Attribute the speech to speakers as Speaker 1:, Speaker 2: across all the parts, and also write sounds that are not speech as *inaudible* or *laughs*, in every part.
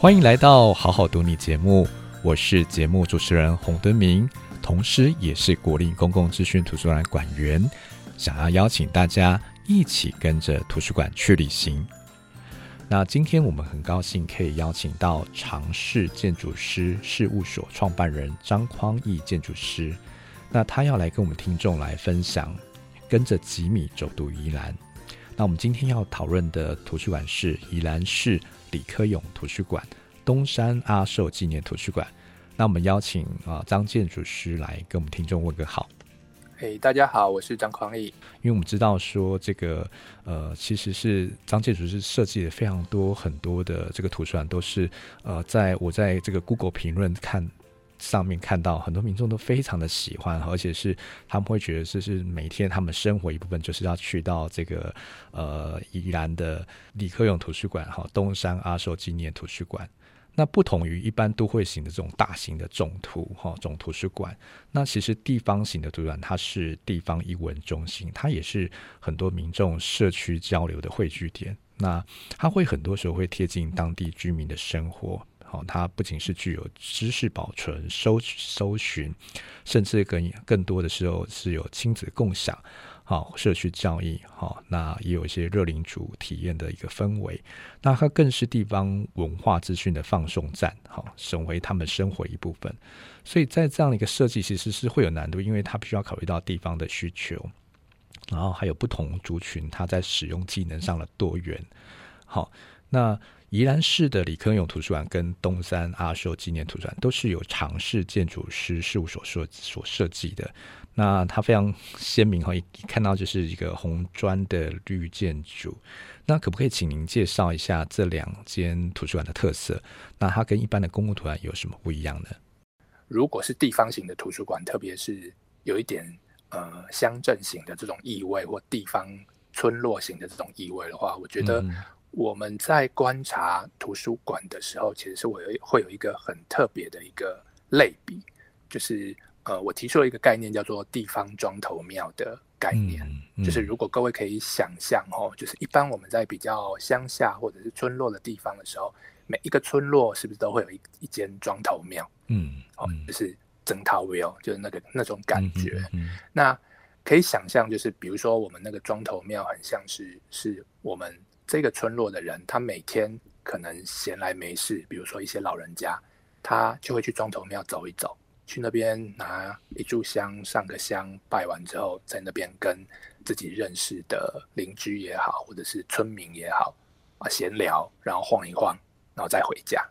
Speaker 1: 歡迎來到《好好讀你》節目，我是節目主持人洪敦明，同時也是國立公共資訊圖書館館員，想要邀請大家一起跟着圖書館去旅行。那今天我們很高興可以邀請到常式建築師事務所創辦人張匡逸建築師，那他要來跟我們聽眾來分享，跟着幾米走讀宜蘭。那我們今天要討論的圖書館是宜蘭市李科永圖書館、冬山阿瘦紀念圖書館。那我們邀請啊、呃、張建築師來跟我們聽眾問個好。嘿
Speaker 2: ，hey, 大家好，我是張匡逸。
Speaker 1: 因為我們知道說這個呃，其實是張建築師設計的非常多很多的這個圖書館，都是呃，在我在這個 Google 評論看。上面看到很多民眾都非常的喜歡，而且是他們會覺得，這是每天他們生活一部分，就是要去到這個呃宜蘭的李科永圖書館哈，冬山阿瘦紀念圖書館。那不同於一般都會型的這種大型的總圖哈總圖書館，那其實地方型的圖書館它是地方藝文中心，它也是很多民眾社區交流的匯聚點。那它會很多時候會貼近當地居民的生活。好，它、哦、不僅是具有知識保存、搜搜尋，甚至更更多的時候是有親子共享、好、哦、社區教育、好、哦、那也有一些熱領主體驗的一個氛圍。那它更是地方文化資訊的放送站，好、哦，成為他們生活一部分。所以在這樣的一個設計，其實是會有難度，因為它必須要考慮到地方的需求，然後還有不同族群它在使用技能上的多元。好、哦。那宜蘭市的李科永圖書館跟冬山阿瘦紀念圖書館都是由常式建築師事務所所設計的。那它非常鮮明哈，一看到就是一個紅磚的綠建築。那可不可以請您介紹一下這兩間圖書館的特色？那它跟一般的公共圖書館有什麼不一樣呢？
Speaker 2: 如果是地方型的圖書館，特別是有一點呃鄉鎮型的這種意味，或地方村落型的這種意味的話，我覺得、嗯。我們在觀察圖書館的時候，其實是我有會有一個很特別的一個類比，就是呃，我提出了一個概念叫做“地方莊頭廟”的概念，嗯嗯、就是如果各位可以想象哦，就是一般我們在比較鄉下或者是村落的地方的時候，每一個村落是不是都會有一一間莊頭廟、嗯？嗯，哦，就是莊頭廟，就是那個那種感覺。嗯嗯、那可以想象，就是比如說我們那個莊頭廟很像是是我們。這個村落的人，他每天可能閒來沒事，比如說一些老人家，他就會去莊頭廟走一走，去那邊拿一炷香，上個香，拜完之後，在那邊跟自己認識的鄰居也好，或者是村民也好啊閒聊，然後晃一晃，然後再回家。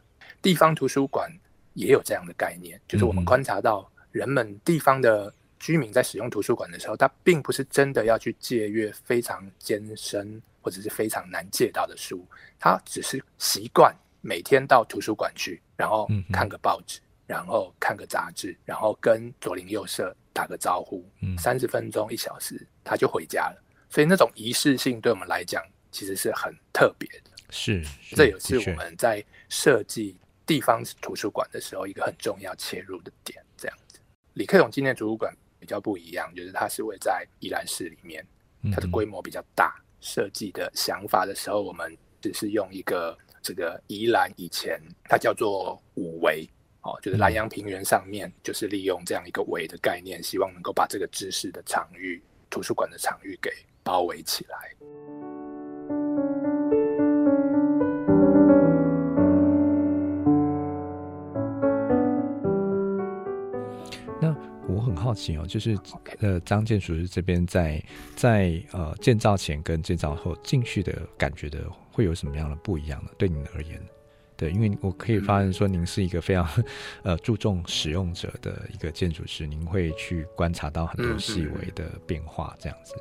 Speaker 2: 地方圖書館也有這樣的概念，就是我們觀察到，人們地方的居民在使用圖書館的時候，他並不是真的要去借閱非常艱深。或者是非常難借到的書，他只是習慣每天到圖書館去，然後看個報紙，嗯、哼然後看個雜誌，然後跟左鄰右舍打個招呼，三十、嗯、分鐘一小時他就回家了。所以那種儀式性對我們來講其實是很特別的，是、是這也是我們在設計地方圖書館的時候一個很重要切入的點。這樣子，李科永紀念圖書館比較不一樣，就是他是位在宜蘭市裡面，它、嗯、的規模比較大。設計的想法的時候，我們只是用一個這個宜蘭以前它叫做五圍，哦，就是蘭陽平原上面，就是利用這樣一個圍的概念，希望能夠把這個知識的場域、圖書館的場域給包圍起來。
Speaker 1: 那。我很好奇哦，就是，Okay. 呃，張建築師這邊在在呃建造前跟建造後進去的感覺的，會有什麼樣的不一樣呢？對您而言，對，因為我可以發現說，您是一個非常、嗯、呃注重使用者的一個建築師，您會去觀察到很多細微的變化，這樣子。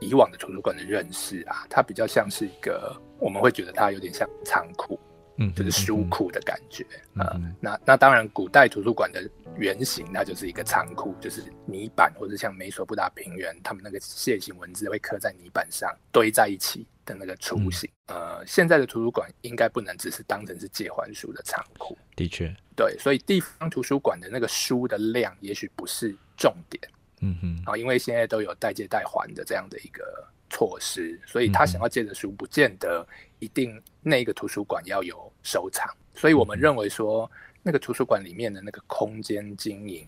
Speaker 2: 以往的圖書館的認識啊，它比較像是一個，我們會覺得它有點像倉庫。嗯，就是書庫的感覺啊。那那當然，古代圖書館的原型，那就是一個倉庫，就是泥板或者像美索不達平原，他們那個楔形文字會刻在泥板上堆在一起的那個雛形。嗯、呃，現在的圖書館應該不能只是當成是借還書的倉庫。
Speaker 1: 的確，
Speaker 2: 對，所以地方圖書館的那個書的量也許不是重點。嗯哼，啊，因為現在都有代借代還的這樣的一個。措施，所以他想要借的書，嗯、不見得一定那個圖書館要有收藏。所以我們認為說，嗯，那個圖書館裡面的那個空間經營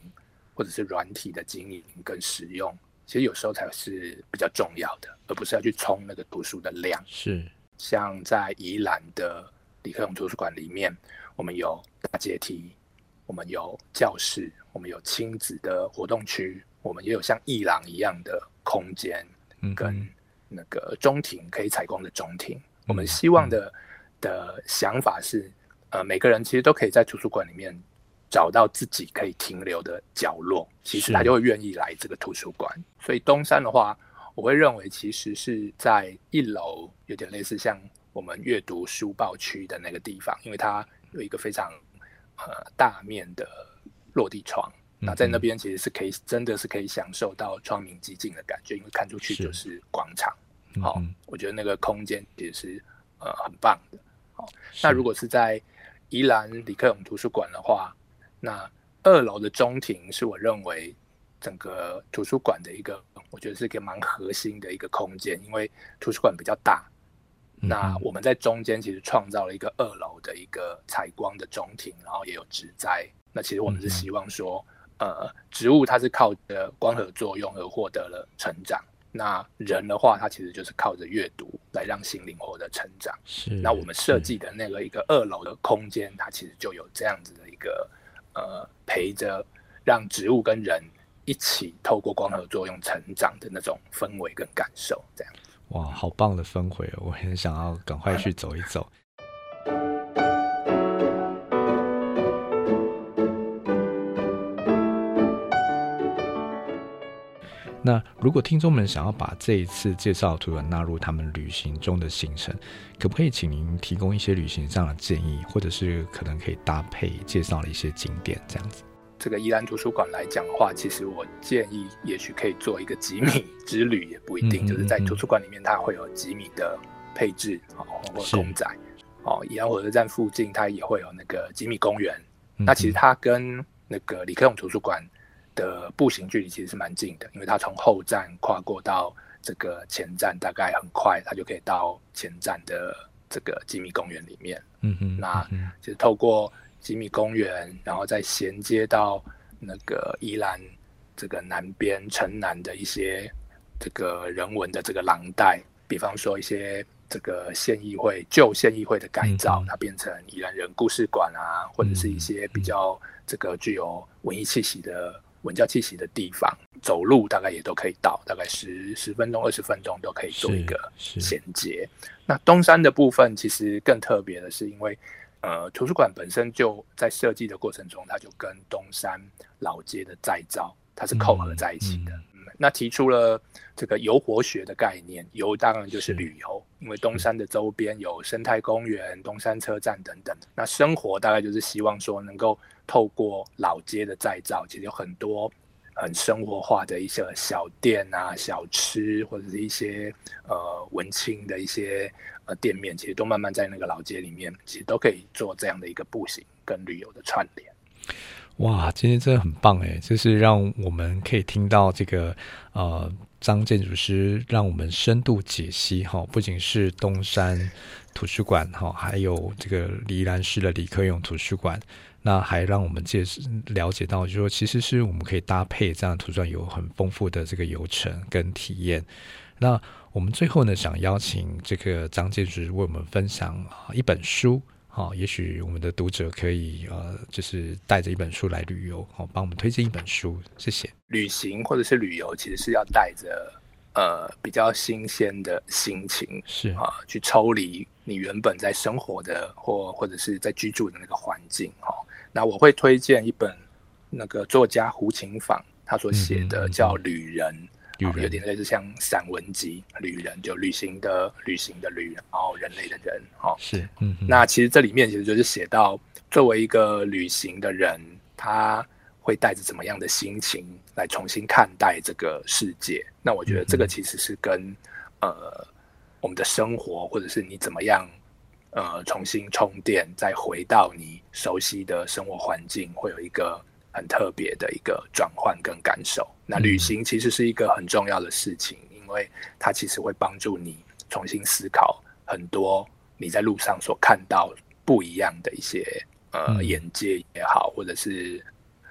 Speaker 2: 或者是軟體的經營跟使用，其實有時候才是比較重要的，而不是要去衝那個圖書的量。是，像在宜蘭的李科永圖書館裡面，我們有大階梯，我們有教室，我們有親子的活動區，我們也有像藝廊一樣的空間，嗯，跟。那個中庭，可以採光的中庭，我們希望的的想法是，呃，每個人其實都可以在圖書館裡面找到自己可以停留的角落，其實他就會願意來這個圖書館。是所以冬山的話，我會認為其實是在一樓有點類似像我們閱讀書報區的那個地方，因為它有一個非常呃大面的落地窗。那在那邊其實是可以，真的是可以享受到窗明幾淨的感覺，因為看出去就是廣場。好，我覺得那個空間也是呃很棒的。好、哦，是那如果是在宜蘭李科永圖書館的話，那二樓的中庭是我認為整個圖書館的一個，我覺得是一個蠻核心的一個空間，因為圖書館比較大。嗯，那我們在中間其實創造了一個二樓的一個採光的中庭，然後也有植栽。那其實我們是希望說、嗯。呃，植物它是靠着光合作用而獲得了成長。那人的話，它其實就是靠着閱讀來讓心靈獲得成長。是。那我們設計的那個一個二樓的空間，它其實就有這樣子的一個呃，陪着讓植物跟人一起透過光合作用成長的那種氛圍跟感受，這樣。哇，
Speaker 1: 好棒的氛圍哦，我很想要趕快去走一走。 *laughs* 那如果聽眾們想要把這一次介紹圖文納入他們旅行中的行程，可不可以請您提供一些旅行上的建議，或者是可能可以搭配介紹的一些景點這樣子？
Speaker 2: 這個宜蘭圖書館來講的話，其實我建議也許可以做一個幾米之旅，也不一定，嗯嗯嗯，就是在圖書館裡面它會有幾米的配置哦，或者公仔，是哦，宜蘭火車站附近它也會有那個幾米公園。嗯嗯，那其實它跟那個李科永圖書館，的步行距離其實是蠻近的，因為它從後站跨過到這個前站，大概很快它就可以到前站的這個幾米公園裡面。嗯哼， *music* 那其實透過幾米公園，然後再銜接到那個宜蘭這個南邊城南的一些這個人文的這個廊帶，比方說一些這個縣議會舊縣議會的改造， *music* 它變成宜蘭人故事館啊，或者是一些比較這個具有文藝氣息的。文教氣息的地方，走路大概也都可以到，大概十十分鐘、二十分鐘都可以做一個銜接。那冬山的部分其實更特別的是，因為呃，圖書館本身就在設計的過程中，它就跟冬山老街的再造它是扣合在一起的。嗯嗯、那提出了這個“遊活學”的概念，遊當然就是旅遊，是因為冬山的周邊有生態公園、冬山車站、等等。那生活大概就是希望說能夠。透過老街的再造，其實有很多很生活化的一些小店啊、小吃，或者是一些呃文青的一些呃店面，其實都慢慢在那個老街裡面，其實都可以做這樣的一個步行跟旅遊的串聯。
Speaker 1: 哇，今天真的很棒耶，就是讓我們可以聽到這個呃。張建築師讓我們深度解析哈，不僅是冬山圖書館哈，還有這個宜蘭市的李科永圖書館，那還讓我們介了解到，就說其實是我們可以搭配這樣的圖書館有很豐富的這個遊程跟體驗。那我們最後呢，想邀請這個張建築師為我們分享一本書。好，也許我們的讀者可以呃，就是帶着一本書來旅遊，好幫我們推薦一本書，謝謝。
Speaker 2: 旅行或者是旅遊，其實是要帶着呃比較新鮮的心情，是啊，去抽離你原本在生活的或、或者是在居住的那個環境。哈、啊，那我會推薦一本那個作家胡晴舫他所寫的叫《旅人》，嗯嗯嗯。有有點類似像散文集，旅人就旅行的旅行的旅，然後人類的人，哦，是，嗯，那其實這裡面其實就是寫到作為一個旅行的人，他會帶着怎麼樣的心情來重新看待這個世界。那我覺得這個其實是跟，嗯哼，呃我們的生活，或者是你怎麼樣呃重新充電，再回到你熟悉的生活環境，會有一個。很特別的一個轉換跟感受。那旅行其實是一個很重要的事情，嗯、因為它其實會幫助你重新思考很多你在路上所看到不一樣的一些呃、嗯、眼界也好，或者是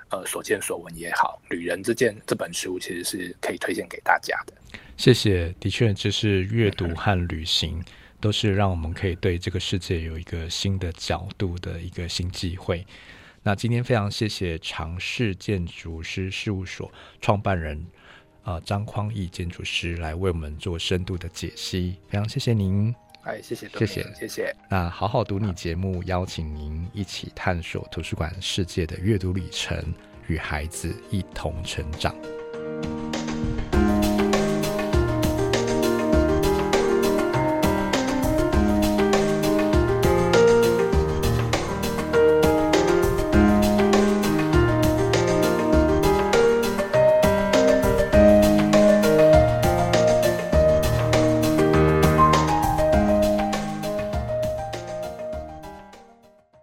Speaker 2: 呃所見所聞也好，《旅人》這件這本書其實是可以推薦給大家的。
Speaker 1: 謝謝，的確，就是閱讀和旅行都是讓我們可以對這個世界有一個新的角度的一個新機會。那今天非常謝謝常式建築師事務所創辦人，呃，張匡逸建築師來為我們做深度的解析，非常謝謝您。哎，謝謝，謝謝，謝謝。那好好讀你節目，邀請您一起探索圖書館世界的閱讀旅程，與孩子一同成長。